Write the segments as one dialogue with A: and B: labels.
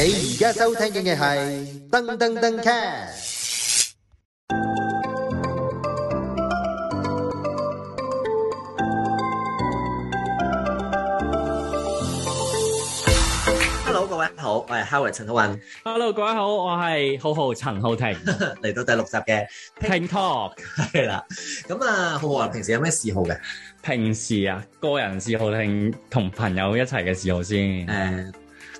A: 你而家收聽嘅係噔噔噔 cast。Hello，各位好，我係 Howard 陳浩雲。Hello，各位好，我係浩
B: 浩陳浩庭。嚟到第六集嘅 Ping Talk 係啦。咁啊，浩浩平時有咩嗜好嘅？平時啊，個人嗜好同同朋友一齊嘅嗜好先。誒。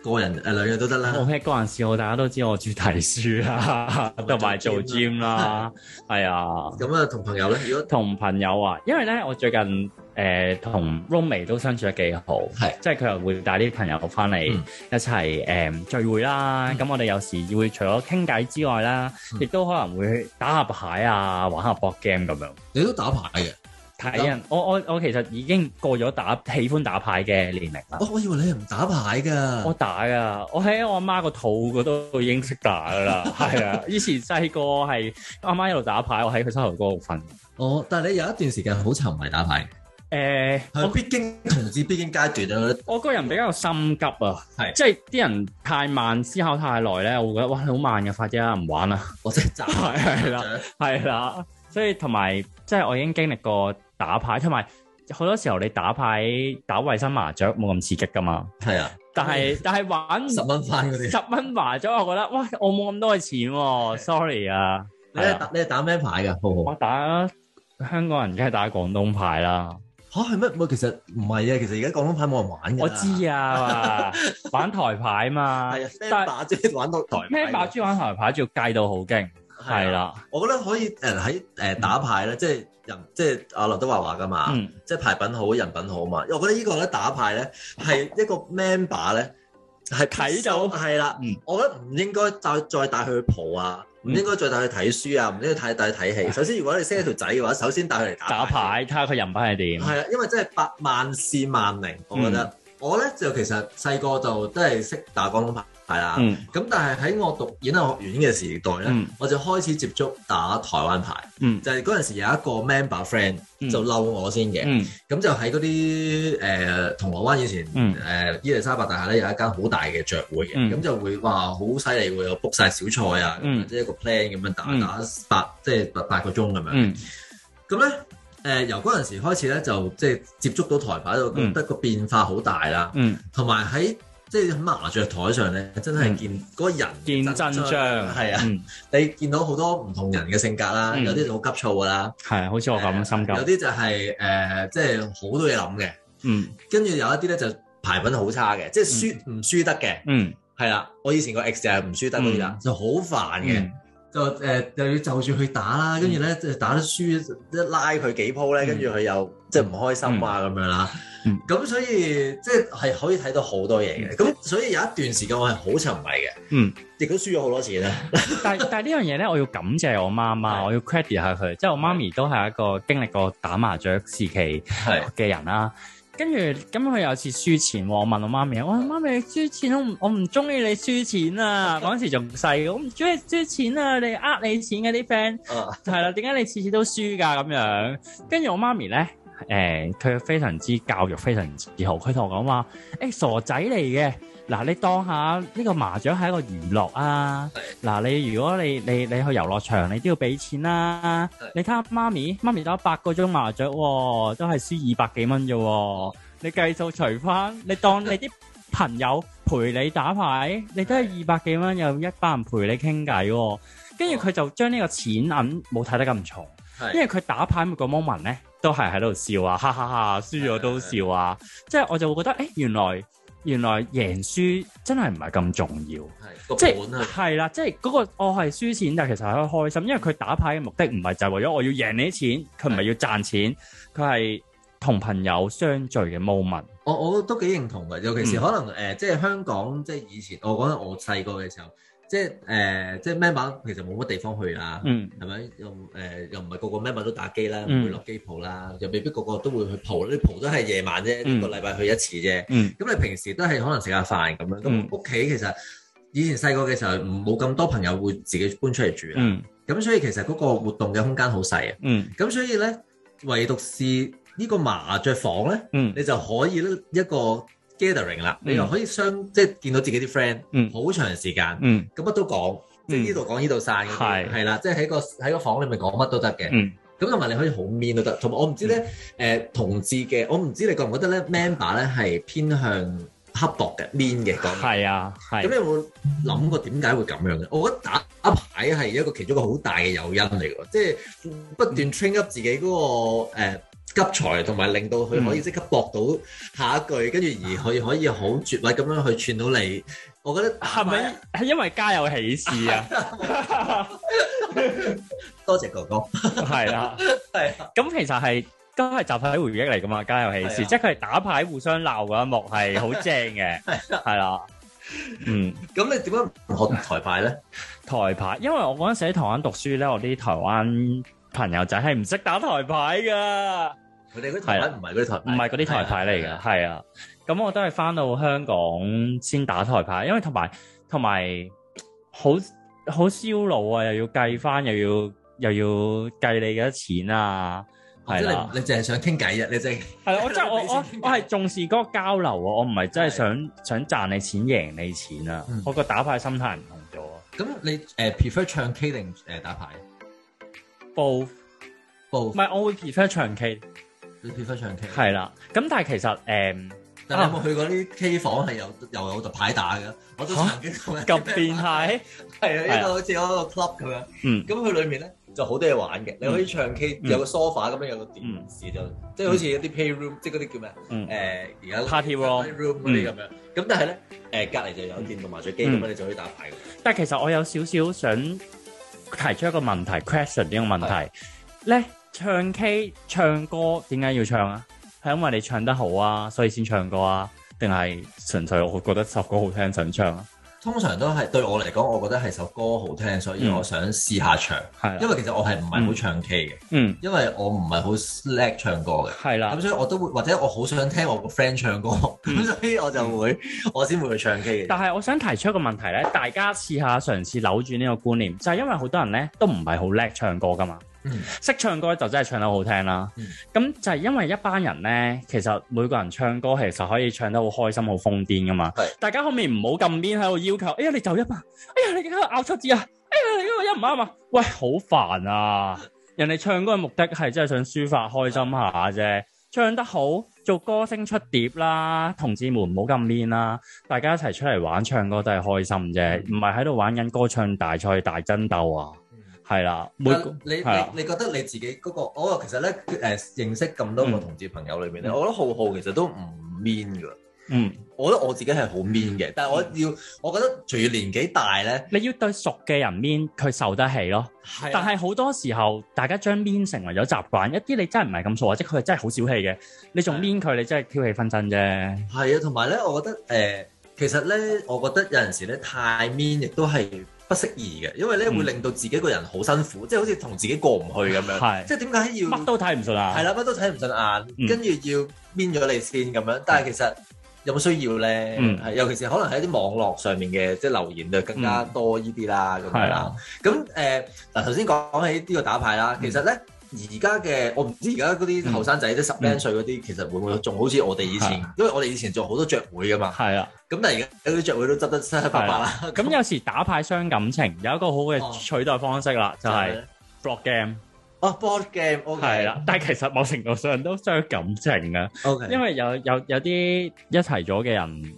B: 個人誒，兩樣都得啦。我咩個人事大家都知，我著睇書啦，同埋做 gym 啦，係啊。咁啊，同朋友咧，如果同朋友啊，因為咧我最近誒同 roommate 都相處得幾好，係即係佢又會帶啲朋友翻嚟一齊誒聚會啦。咁我哋有時會除咗傾偈之外啦，亦都可能會打下牌啊，玩下 board game 咁樣。你都打牌嘅。睇人，我我我其實已經過咗打喜歡打牌嘅年齡啦。我以為你唔打牌㗎。我打㗎，我喺我阿媽個肚嗰度都已經識打㗎啦。係啊，以前細個係阿媽一路打牌，我喺佢膝頭哥度瞓。哦，但係你有一段時間好沉迷打牌。誒，我必經同事，必經階段啊。我個人比較心急啊，係即係啲人太慢，思考太耐咧，我覺得，哇好慢嘅發展，唔玩啦。我真係雜係啦，係啦，所以同埋即係我已經經歷過。打牌，同埋好多時候你打牌打衞生麻雀冇咁刺激㗎嘛？係啊，但係但係玩十蚊塊、十蚊麻雀，我覺得，哇！我冇咁多錢喎，sorry 啊！你打你係打咩牌㗎？我打香港人梗係打廣東牌啦。吓？係咩？唔其實唔係啊，其實而家廣東牌冇人玩嘅！我知啊，玩台牌嘛。係啊 friend 打，即玩多台。friend 打玩台牌仲要計到好勁。係啦，我覺得可以誒喺誒打牌咧，即係人即
A: 係阿劉德華話噶嘛，即係牌品好人品好啊嘛。因為我覺得呢個咧打牌咧係一個 member 咧係睇就係啦。我覺得唔應該再再帶佢去蒲啊，唔應該再帶佢睇書啊，唔應該太帶佢睇戲。首先，如果你識條仔嘅話，首先帶佢嚟打打
B: 牌，睇下佢人品係點。
A: 係啊，因為真係百萬事萬靈，我覺得。我咧就其實細個就都係識打廣東牌係啦，咁、嗯、但係喺我讀演藝學院嘅時代咧，嗯、我就開始接觸打台灣牌，嗯、就係嗰陣時有一個 member friend 就嬲我先嘅，咁、嗯、就喺嗰啲誒銅鑼灣以前誒、呃、伊利沙伯大廈咧有一間好大嘅雀會嘅，咁、嗯、就會話好犀利喎，會有 book 曬小菜啊，或者、嗯、一個 plan 咁樣打打八即係八個鐘咁樣，咁咧、嗯。嗯誒由嗰陣時開始咧，就即係接觸到台牌，就覺得個變化好大啦。嗯，同埋喺即係喺麻雀台上咧，真係見嗰人見真章，係啊！你見到好多唔同人嘅性格啦，有啲就好急躁噶啦，
B: 係啊，好似我咁心急。有啲
A: 就係誒，即係好多嘢諗嘅。嗯，跟住有一啲咧就牌品好差嘅，即係輸唔輸得嘅。嗯，係啦，我以前個 ex 就係唔輸得嗰啲啦，就好煩嘅。就誒、呃、又要就住去打啦，跟住咧就打得輸，一拉佢幾鋪咧，跟住佢又即係唔開心啊咁、嗯、樣啦。咁、嗯、所以即係係可以睇到好多嘢嘅。咁、嗯、所以有一段時間我係好沉迷嘅，嗯，亦都輸咗好多錢啦、嗯
B: 但但呢樣嘢咧，我要感謝我媽媽，我要 credit 下佢，即係我媽咪都係一個經歷過打麻雀時期嘅人啦。跟住咁佢有次輸錢喎、哦，我問我媽咪，我話媽咪你輸錢，我唔我唔中意你輸錢啊！嗰陣 時仲細，我唔中意輸錢啊！你呃你錢嗰啲 friend，係啦，點解 你次次都輸㗎咁樣？跟住我媽咪咧。誒，佢、嗯、非常之教育，非常之好。佢同我講話，誒、欸，傻仔嚟嘅。嗱，你當下呢個麻雀係一個娛樂啊。嗱的，你如果你你你去遊樂場，你都要俾錢啦、啊。的你睇下媽咪，媽咪打八個鐘麻雀，哦、都係輸二百幾蚊啫。你計數除翻，你當你啲朋友陪你打牌，的你都係二百幾蚊，又一班人陪你傾偈。跟住佢就將呢個錢銀冇睇得咁重。因為佢打牌每個 moment 咧，都係喺度笑啊，哈哈哈，哈，輸咗都笑啊，即係 我就會覺得，誒、欸，原來原來贏輸真係唔係咁重要，即係係啦，即係嗰個我係輸錢，但其實係開心，因為佢打牌嘅目的唔係就係為咗我要贏你啲錢，佢唔係要賺錢，佢係同朋友相聚嘅 moment。我我都幾認同嘅，尤其是可能誒、
A: 嗯呃，即係香港，即係以前我講我細個嘅時候。
B: 即係誒、呃，即係咩碼，
A: 其實冇乜地方去啊，係咪、嗯？又誒、呃，又唔係個個咩碼都打機啦，唔、嗯、會落機鋪啦，又未必個個都會去蒲。你蒲都係夜晚啫，嗯、一個禮拜去一次啫。咁、嗯嗯、你平時都係可能食下飯咁樣。咁屋企其實以前細個嘅時候，冇咁多朋友會自己搬出嚟住啊。咁、嗯、所以其實嗰個活動嘅空間好細啊。咁、嗯、所以咧，唯獨是呢個麻雀房咧、嗯，你就可以咧一個 gathering 啦，你又可以相、嗯、即係見到自己啲 friend，好長時間，咁乜、嗯、都講，即係呢度講呢度散，係是啦，即係喺個喺個房裏面講乜都得嘅，咁同埋你可以好 mean 都得、嗯呃，同埋我唔知咧，誒、嗯、同志嘅，我唔知你覺唔覺得咧 member 咧係偏向刻薄嘅 mean 嘅？係啊、嗯，咁你有冇諗過點解會咁樣嘅？我覺得打一牌係一個其中一個好大嘅誘因嚟㗎，即係不斷 train up 自己嗰、那個、嗯嗯急才同埋令到佢可以即刻博到下一句，跟住而可以可以好絕位咁樣去串到你，我覺得係咪係因為家有喜事啊？
B: 多謝哥哥，係啦，係。咁其實係都係集體回憶嚟㗎嘛，家有喜事，即係佢係打牌互相鬧嗰一幕係好正嘅，係啦，嗯。咁你點樣學台牌咧？台牌，因為我嗰陣時喺台灣讀書咧，我啲台灣。朋友仔係唔識打台牌噶，佢哋嗰
A: 啲台牌唔係佢台，唔係嗰啲台牌嚟噶，
B: 係啊。咁我都係翻到香港先打台牌，因為同埋同埋好好燒腦啊，又要計翻，又要又要計你幾多錢啊。係你你淨係想傾偈啊，你淨係。我即係我我我係重視嗰個交流啊，我唔係真係想想賺你錢贏你錢啊。我個打牌心態唔同咗啊。咁你誒 prefer 唱 K 定誒打牌？部部唔係，我會 prefer 唱 K。你 prefer 唱 K。係啦，咁但係其實誒，你有冇去過啲 K 房係有又有台牌打我嘅？嚇！咁變態係啊，一個好
A: 似一個 club 咁樣。嗯。咁佢裏面咧就好多嘢玩嘅，你可以唱 K，有個 sofa 咁樣，有個電視就即係好似有啲 pay room，即係嗰啲叫咩啊？誒，而家 party room 嗰啲咁樣。咁但係咧誒，隔離就有電動麻雀機咁樣，你就可以打牌。
B: 但係其實我有少少想。提出一個問題，question 呢個問題咧，你唱 K 唱歌點解要唱啊？係因為你唱得好啊，所以先唱歌啊？定係純粹我覺得首歌好聽想唱啊？
A: 通常都係對我嚟講，我覺得係首歌好聽，所以我想試下
B: 唱。係、嗯，因為其實我係唔係好唱 K 嘅。嗯。
A: 因為我唔係好叻
B: 唱歌嘅。係啦、嗯。咁所以我都會，或者我好想聽我個 friend 唱歌，咁、嗯、 所以我就會，嗯、我先會去唱 K 嘅。但係我想提出一個問題咧，大家試下嘗試扭轉呢個觀念，就係、係、因為好多人咧都唔係好叻唱歌㗎嘛。識唱歌就真係唱得好聽啦，咁、嗯、就係因為一班人呢，其實每個人唱歌其實可以唱得好開心、好瘋癲噶嘛。是大家可唔可以唔好咁 mean 喺度要求，是哎呀你走音嘛，哎呀你點喺度咬出字啊， 哎呀你呢個音唔啱啊，喂好煩啊！ 人哋唱歌嘅目的係真係想抒發開心下啫，是唱得好做歌星出碟啦，同志們唔好咁 mean 啦，大家一齊出嚟玩唱歌都係開心啫，唔係喺度玩緊歌唱大賽大、大爭鬥啊！係啦，每個的你你你
A: 覺得你自己嗰，那個，我、哦、其實咧誒、呃、認識咁多個同志朋友裏邊咧，嗯、我覺得浩浩其實都唔 mean 㗎。嗯，我覺得我自己係
B: 好 mean 嘅，嗯、但係我要，我覺得隨住年紀大咧，你要對熟嘅人 mean，佢受得起咯。的但係好多時候，大家將 mean 成為咗習慣，一啲你真係唔係咁熟，或者佢真係好小氣嘅，你仲 mean 佢，的你真係挑起紛爭啫。係啊，同埋咧，我覺得誒、呃，其實
A: 咧，我覺得有陣時咧，太 mean 亦都係。不適宜嘅，因為咧、嗯、會令到自己個人好辛苦，即係好似同自己過唔去咁樣。係是，即係點解要乜都睇唔順眼？係啦，乜都睇唔順眼，跟住、嗯、要變咗你先咁樣。但係其實有冇需要咧？嗯，係，尤其是可能係啲網絡上面嘅，即係留言就更加多呢啲啦咁樣啦。咁誒、嗯，嗱頭先講起呢個打牌啦，其實咧。嗯而家嘅我唔知而家嗰啲後生仔啲十零歲嗰啲，其實會唔會仲好似我哋以前？的因為我哋以前做好多雀會㗎嘛。係啊的。咁但係而家有啲雀會都執得七七八八啦。
B: 咁有時打牌傷感情，有一個好嘅取代方式啦，哦、就係 board game。哦 board game，OK。係啦、okay，但係其實某程度上都傷感情㗎。OK。因為有有有啲一齊咗嘅人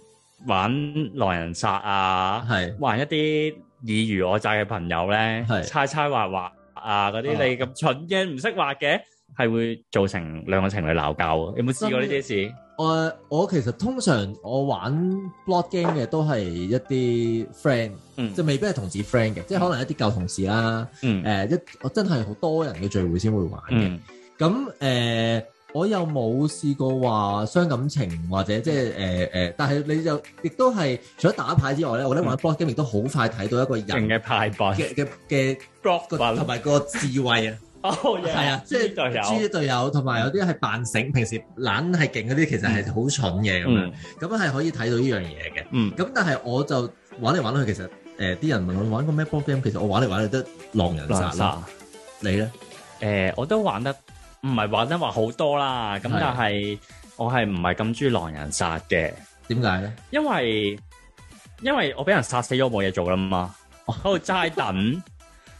B: 玩狼人殺啊，係玩的一啲爾虞我詐嘅朋友咧，猜猜畫畫。的啊！嗰啲你咁蠢嘅唔識話嘅，係會造成兩個情侶鬧交嘅。有冇試過呢啲事？
A: 誒，我其實通常我玩 block game 嘅都係一啲 friend，、啊嗯、就未必係同事 friend 嘅，即係可能一啲舊同事啦。誒、嗯，一我、呃、真係好多人嘅聚會先會玩嘅。咁誒、嗯。我又冇試過話傷感情或者即係誒誒，但係你就亦都係除咗打牌之外咧，我覺得玩 board game 亦都好快睇到一個人嘅牌品嘅嘅嘅同埋個智慧啊，係啊，即係豬隊友，同埋有啲係扮醒，平時懶係勁嗰啲，其實係好蠢嘅咁樣，咁係可以睇到依樣嘢嘅。咁但係我就玩嚟玩去，其實誒啲人問我玩過咩 board game，其實我玩嚟玩去得狼人殺。你
B: 咧？誒，我都玩得。唔係話真話好多啦，咁的但係我係唔係咁中意狼人殺嘅？點解咧？因為因為我俾人殺死咗，冇嘢做啦嘛，我喺度齋等，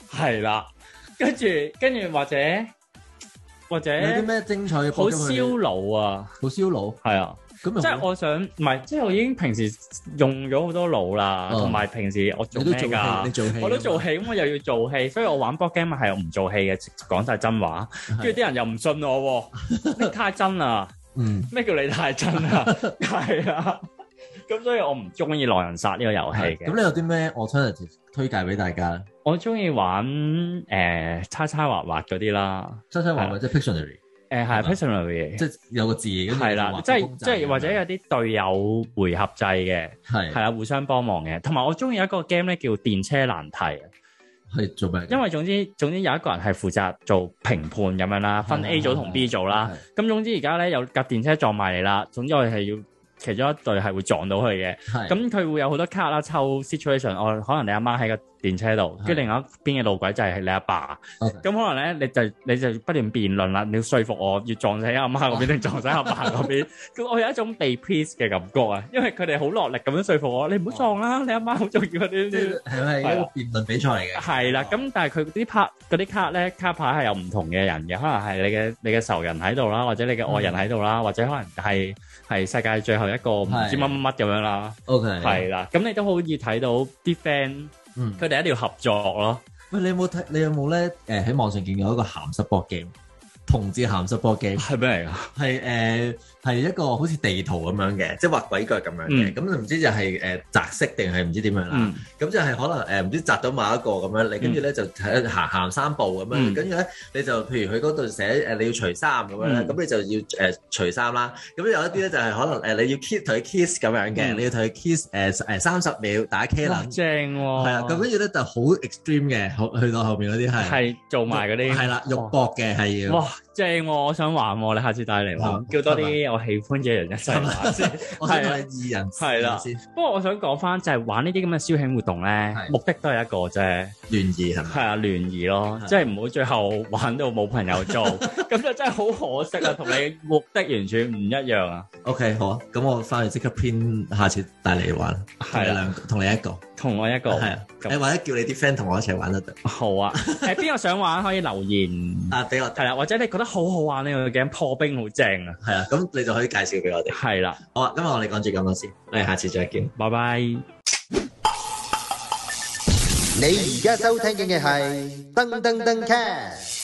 B: 係啦， 跟住跟住或者或者有啲咩精彩好燒腦啊？好燒腦，係啊。即係我想，唔係，即係我已經平時用咗好多腦啦，同埋平時我做咩噶？我都做戲，咁我又要做戲，所以我玩 board game 係我唔做戲嘅，講晒真話，跟住啲人又唔信我，你太真啦！咩叫你太真啊？係啊，咁所以我唔中意狼人殺呢個遊戲嘅。咁你有啲咩 alternative 推介俾大家？我中意玩，誒，猜猜畫畫嗰啲啦，猜猜畫畫即係 Pictionary。誒係，personal 嘅，即係有個字咁。係啦的，即係即係或者有啲隊友回合制嘅，係係啊互相幫忙嘅。同埋我中意一個 game 咧叫電車難題，係做咩？因為總之總之有一個人係負責做評判咁樣啦，的分 A 組同 B 組啦。咁總之而家咧有架電車撞埋嚟啦。總之我哋係要。其中一對係會撞到佢嘅，咁佢會有好多卡啦，抽 situation，我可能你阿媽喺個電車度，跟住另外一邊嘅路軌就係你阿爸，咁可能咧你就你就不斷辯論啦，你要説服我，要撞死阿媽嗰邊定撞死阿爸嗰邊，我有一種被 pleased 嘅感覺啊，因為佢哋好落力咁樣説服我，你唔好撞啦，你阿媽好重要啊，呢啲係咪一個辯論比賽嚟嘅？係啦，咁但係佢啲卡，嗰啲卡咧，卡牌係有唔同嘅人嘅，可能係你嘅你嘅仇人喺度啦，或者你嘅愛人喺度啦，或者可能係係世界最後。一個唔知乜乜乜咁樣啦，OK，係啦，咁你都可以睇到啲 friend，佢哋一定要合作咯。喂，
A: 你有冇睇？你有冇咧？誒、呃，喺網上見到一個咸濕 board g 同志鹹濕波機係咩嚟㗎？係誒係一個好似地圖咁樣嘅，即係畫鬼腳咁樣嘅。咁唔知就係誒擲色定係唔知點樣啦。咁就係可能誒唔知擲到某一個咁樣，你跟住咧就行行三步咁樣。跟住咧你就譬如佢嗰度寫誒你要除衫咁樣，咁你就要誒除衫啦。咁有一啲咧就係可能誒你要 kiss 同佢 kiss 咁樣嘅，你要同佢
B: kiss 誒誒三十秒打茄啦。正喎！係啊，咁跟住咧就好 extreme 嘅，去到後面嗰啲係係做埋嗰啲係啦，肉搏嘅係要。即係，我想玩喎，你下次帶嚟玩，叫多啲我喜歡嘅人一齊玩先。我
A: 先問二
B: 人，係啦，不過我想講翻就係玩呢啲咁嘅消遣活動咧，目的都係一個啫，聯誼係係啊，聯誼咯，即係唔好最後玩到冇朋友做，咁就真係好可惜啊！同你目的完全唔一樣啊。OK，好啊，咁我翻去即刻編，下次帶你玩，係兩同你一個。同我一個，係啊，你樣或者叫你啲 friend 同我一齊玩得得。好啊，喺邊個想玩可以留言啊，俾我。睇啦、啊，或者你覺得好好玩呢個 game p 冰好正啊。係啊，咁你就可以介紹俾我哋。係啦、啊，好啊，今日我哋講住咁多先，我哋下次再見，拜拜。
A: 你而家收
B: 聽嘅係噔噔噔 c a